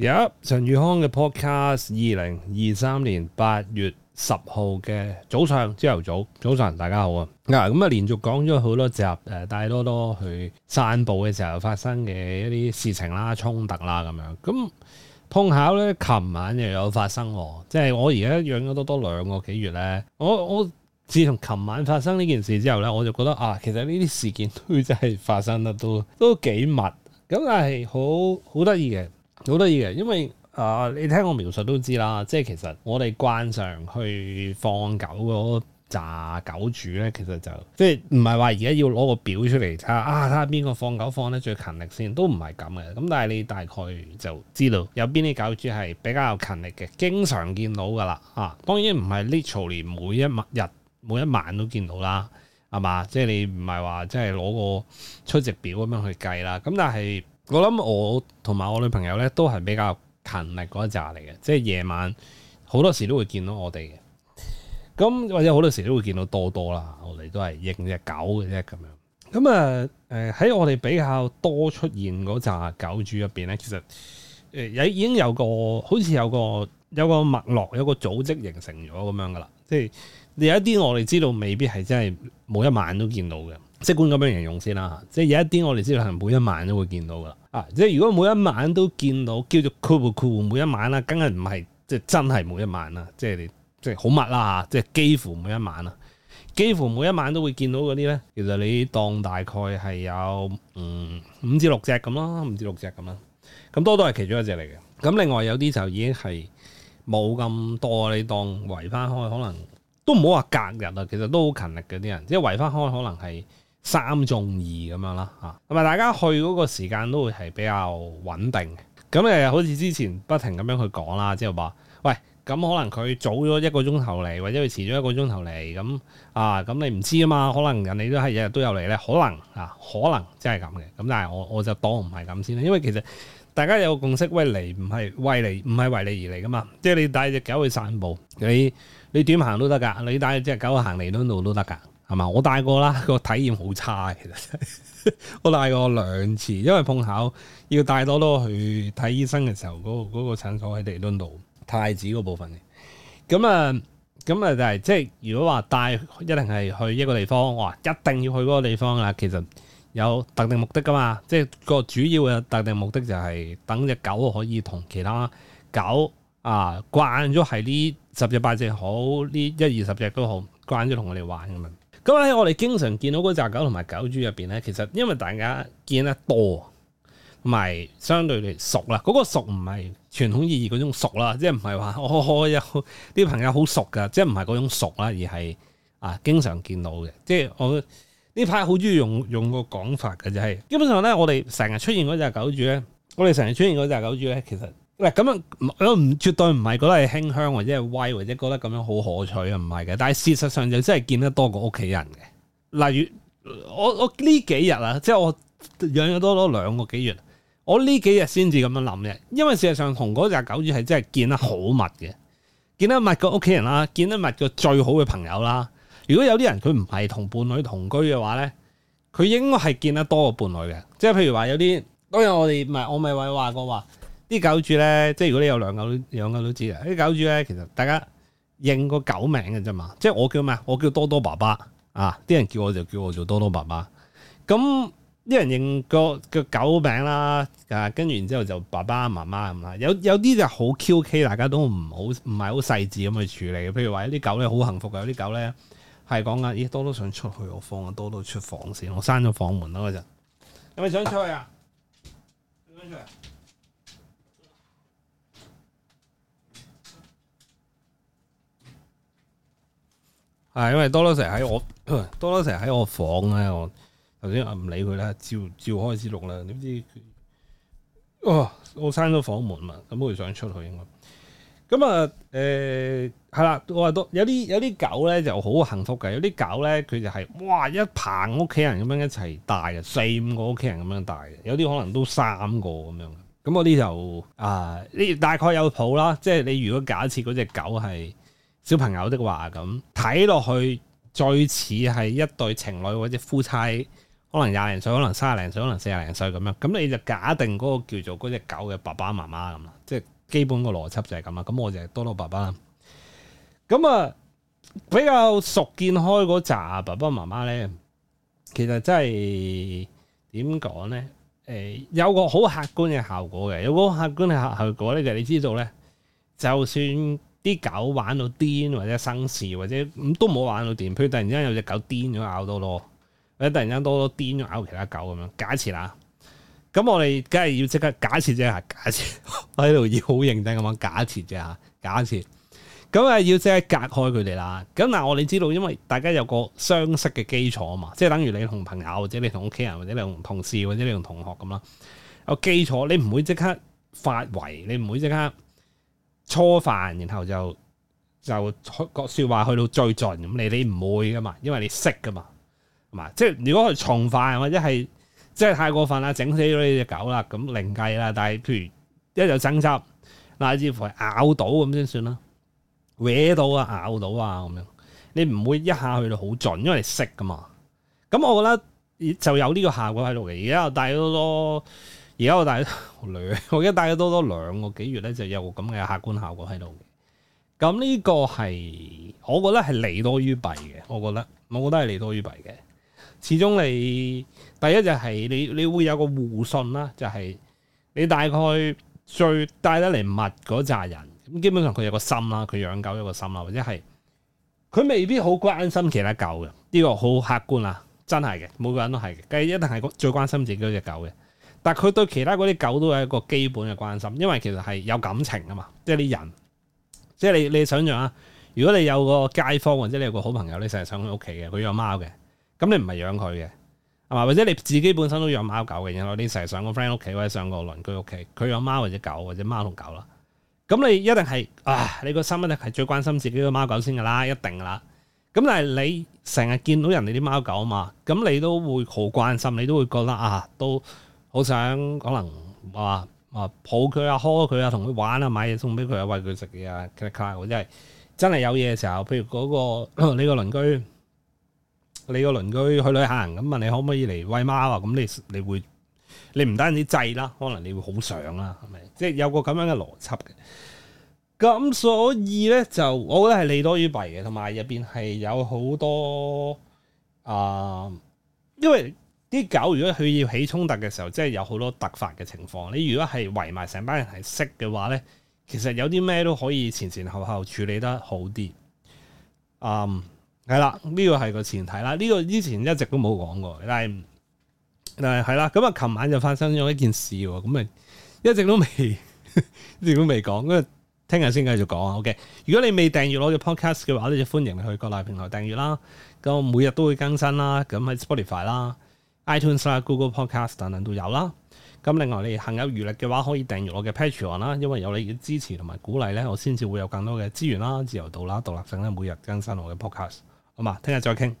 有陳宇康嘅 podcast，二零二三年八月十號嘅早上，朝頭早早上，大家好啊！咁、嗯、啊，連續講咗好多集誒，帶多多去散步嘅時候發生嘅一啲事情啦、衝突啦、啊、咁樣。咁、嗯、碰巧咧，琴晚又有發生，即係我而家養咗多多兩個幾月咧。我我自從琴晚發生呢件事之後咧，我就覺得啊，其實呢啲事件都真係發生得都都幾密，咁但係好好得意嘅。好得意嘅，因為啊、呃，你聽我描述都知啦。即係其實我哋慣常去放狗嗰紮狗主咧，其實就即係唔係話而家要攞個表出嚟，睇啊，睇下邊個放狗放得最勤力先，都唔係咁嘅。咁但係你大概就知道有邊啲狗主係比較勤力嘅，經常見到噶啦。啊，當然唔係 literally 每一日每一晚都見到啦，係嘛？即係你唔係話即係攞個出席表咁樣去計啦。咁但係。我諗我同埋我女朋友咧，都係比較勤力嗰一紮嚟嘅，即係夜晚好多時都會見到我哋嘅。咁或者好多時都會見到多多啦，我哋都係認隻狗嘅啫咁樣。咁啊誒，喺、呃、我哋比較多出現嗰紮狗主入邊咧，其實誒已、呃、已經有個好似有個有個脈絡，有個組織形成咗咁樣噶啦。即係有一啲我哋知道，未必係真係每一晚都見到嘅。即管咁樣人用先啦吓，即係有一啲我哋知道係每一晚都會見到噶啦。啊，即係如果每一晚都見到叫做 c 不 o 每一晚啦，梗係唔係即係真係每一晚啦，即係你即係好密啦吓，即係幾乎每一晚啦，幾乎每一晚都會見到嗰啲咧。其實你當大概係有五五、嗯、至六隻咁咯，五至六隻咁啦。咁多多係其中一隻嚟嘅。咁另外有啲就已經係冇咁多，你當圍翻開可能都唔好話隔日啊。其實都好勤力嘅啲人，即係圍翻開可能係。三中二咁樣啦，吓、啊，同埋大家去嗰個時間都會係比較穩定咁，誒，好似之前不停咁樣去講啦，即係話，喂，咁、嗯、可能佢早咗一個鐘頭嚟，或者佢遲咗一個鐘頭嚟，咁啊，咁、嗯、你唔知啊嘛，可能人哋都係日日都有嚟咧，可能啊，可能真係咁嘅。咁但係我我就當唔係咁先啦，因為其實大家有個共識，喂嚟唔係喂嚟，唔係為你而嚟噶嘛。即係你帶隻狗去散步，你你點行都得噶，你帶隻狗都行嚟到度都得噶。係嘛？我帶過啦，個體驗好差其實 我帶過兩次，因為碰巧要帶多多去睇醫生嘅時候，嗰、那個診診所喺地墩度太子嗰部分嘅。咁啊，咁啊、就是，就係即係如果話帶一定係去一個地方，哇！一定要去嗰個地方啦。其實有特定目的噶嘛，即、就、係、是、個主要嘅特定目的就係等隻狗可以同其他狗啊慣咗係呢十隻八隻好，呢一二十隻都好慣咗同我哋玩咁所以咧，我哋經常見到嗰隻狗同埋狗主入邊咧，其實因為大家見得多，同埋相對嚟熟啦。嗰個熟唔係傳統意義嗰種熟啦，即係唔係話我有啲朋友好熟噶，即係唔係嗰種熟啦，而係啊經常見到嘅。即係我呢排好中意用用個講法嘅就係，基本上咧我哋成日出現嗰隻狗主咧，我哋成日出現嗰隻狗主咧，其實。咁樣我唔絕對唔係覺得係馨香或者係威或者覺得咁樣好可取啊，唔係嘅。但係事實上就真係見得多過屋企人嘅。例如我我呢幾日啊，即係我養咗多多兩個幾月，我呢幾日先至咁樣諗嘅，因為事實上同嗰隻狗仔係真係見得好密嘅，見得密個屋企人啦，見得密個最好嘅朋友啦。如果有啲人佢唔係同伴侶同居嘅話咧，佢應該係見得多過伴侶嘅。即係譬如話有啲，當然我哋唔係我咪話話過話。啲狗主咧，即係如果你有兩個兩狗都知嘅。啲狗主咧，其實大家認個狗名嘅啫嘛。即係我叫咩？我叫多多爸爸啊！啲人叫我就叫我做多多爸爸。咁、啊、啲人認個個狗名啦，啊，跟住然之後就爸爸媽媽咁啊。有有啲就好 QK，大家都唔好唔係好細緻咁去處理。譬如話有啲狗咧好幸福嘅，有啲狗咧係講緊，咦？多多想出去，我放多多出房先，我閂咗房門啦，嗰陣。有、啊、咪想出去啊？啊想出去、啊。係，因為多多成日喺我，多多成日喺我房咧。我頭先我唔理佢啦，照照開始錄啦。點知哦、呃，我閂咗房門嘛，咁佢想出去應該。咁啊，誒、呃，係啦，我話都有啲有啲狗咧就好幸福嘅，有啲狗咧佢就係、是、哇一棚屋企人咁樣一齊帶嘅，四五個屋企人咁樣帶嘅，有啲可能都三個咁樣。咁我啲就啊，呢、呃、大概有譜啦。即係你如果假設嗰隻狗係小朋友的話，咁睇落去最似係一對情侶或者夫妻，可能廿零歲，可能三十零歲，可能四十零歲咁樣。咁你就假定嗰個叫做嗰隻狗嘅爸爸媽媽咁啦，即係基本個邏輯就係咁啦。咁我就多多爸爸啦。咁啊，比較熟見開嗰紮爸爸媽媽咧，其實真係點講咧？誒、呃，有個好客觀嘅效果嘅，有個客觀嘅效果咧，就係你知道咧，就算。啲狗玩到癲或者生事或者都冇玩到癲，譬如突然間有隻狗癲咗咬到咯，或者突然間多多癲咗咬其他狗咁樣假設啦，咁我哋梗係要即刻假設啫吓，假設我喺度要好認真咁樣假設啫吓，假設，咁啊要即刻隔開佢哋啦，咁嗱我哋知道因為大家有個相識嘅基礎啊嘛，即係等於你同朋友或者你同屋企人或者你同同事或者你同同學咁啦，有、那個、基礎你唔會即刻發圍，你唔會即刻。初犯，然後就就個説話去到最盡咁，你你唔會噶嘛，因為你識噶嘛，係嘛？即係如果佢重犯或者係即係太過分啦，整死咗呢隻狗啦，咁另計啦。但係譬如一有爭執，乃至乎係咬到咁先算啦，搲到啊，咬到啊咁樣，你唔會一下去到好盡，因為你識噶嘛。咁我覺得就有呢個效果喺度嘅，而家又帶咗多。而家我帶兩，我而家帶咗多多兩個幾月咧，就有個咁嘅客觀效果喺度嘅。咁呢個係我覺得係利多於弊嘅，我覺得，我覺得係利多於弊嘅。始終你第一就係你，你會有個互信啦，就係、是、你大概最帶得嚟密嗰扎人，咁基本上佢有個心啦，佢養狗有個心啦，或者係佢未必好關心其他狗嘅，呢、這個好客觀啦，真係嘅，每個人都係嘅，梗係一定係最關心自己嗰隻狗嘅。但佢對其他嗰啲狗都係一個基本嘅關心，因為其實係有感情㗎嘛，即係啲人，即係你你想像啊，如果你有個街坊或者你有個好朋友，你成日上佢屋企嘅，佢養貓嘅，咁你唔係養佢嘅，係嘛？或者你自己本身都養貓狗嘅，然後你成日上個 friend 屋企或者上個鄰居屋企，佢養貓或者狗或者貓同狗啦，咁你一定係啊，你個心一定係最關心自己個貓狗先㗎啦，一定㗎啦。咁但係你成日見到人哋啲貓狗啊嘛，咁你都會好關心，你都會覺得啊，都。好想可能話啊，抱佢啊、呵佢啊、同佢玩啊、買嘢送俾佢啊、餵佢食嘢啊，卡或者係真係有嘢嘅時候，譬如嗰個你個鄰居，你個鄰居去旅行，咁問你可唔可以嚟喂貓啊？咁你你會，你唔單止滯啦，可能你會好想啦，係咪？即係有個咁樣嘅邏輯嘅。咁所以咧，就我覺得係利多於弊嘅，同埋入面係有好多啊，因為。啲狗如果佢要起衝突嘅時候，即係有好多突發嘅情況。你如果係圍埋成班人係識嘅話咧，其實有啲咩都可以前前後後處理得好啲。嗯，係啦，呢個係個前提啦。呢個之前一直都冇講過，但係但係係啦。咁啊，琴晚就發生咗一件事喎。咁啊，一直都未，一直都未講，跟住聽日先繼續講啊。OK，如果你未訂閱我嘅 podcast 嘅話，呢就歡迎去各大平台訂閱啦。咁每日都會更新啦。咁喺 Spotify 啦。iTunes 啦、Google Podcast 等等都有啦。咁另外你行有餘力嘅話，可以訂閱我嘅 Patreon 啦，因為有你嘅支持同埋鼓勵咧，我先至會有更多嘅資源啦、自由度啦、獨立性咧，每日更新我嘅 podcast 好。好嘛，聽日再傾。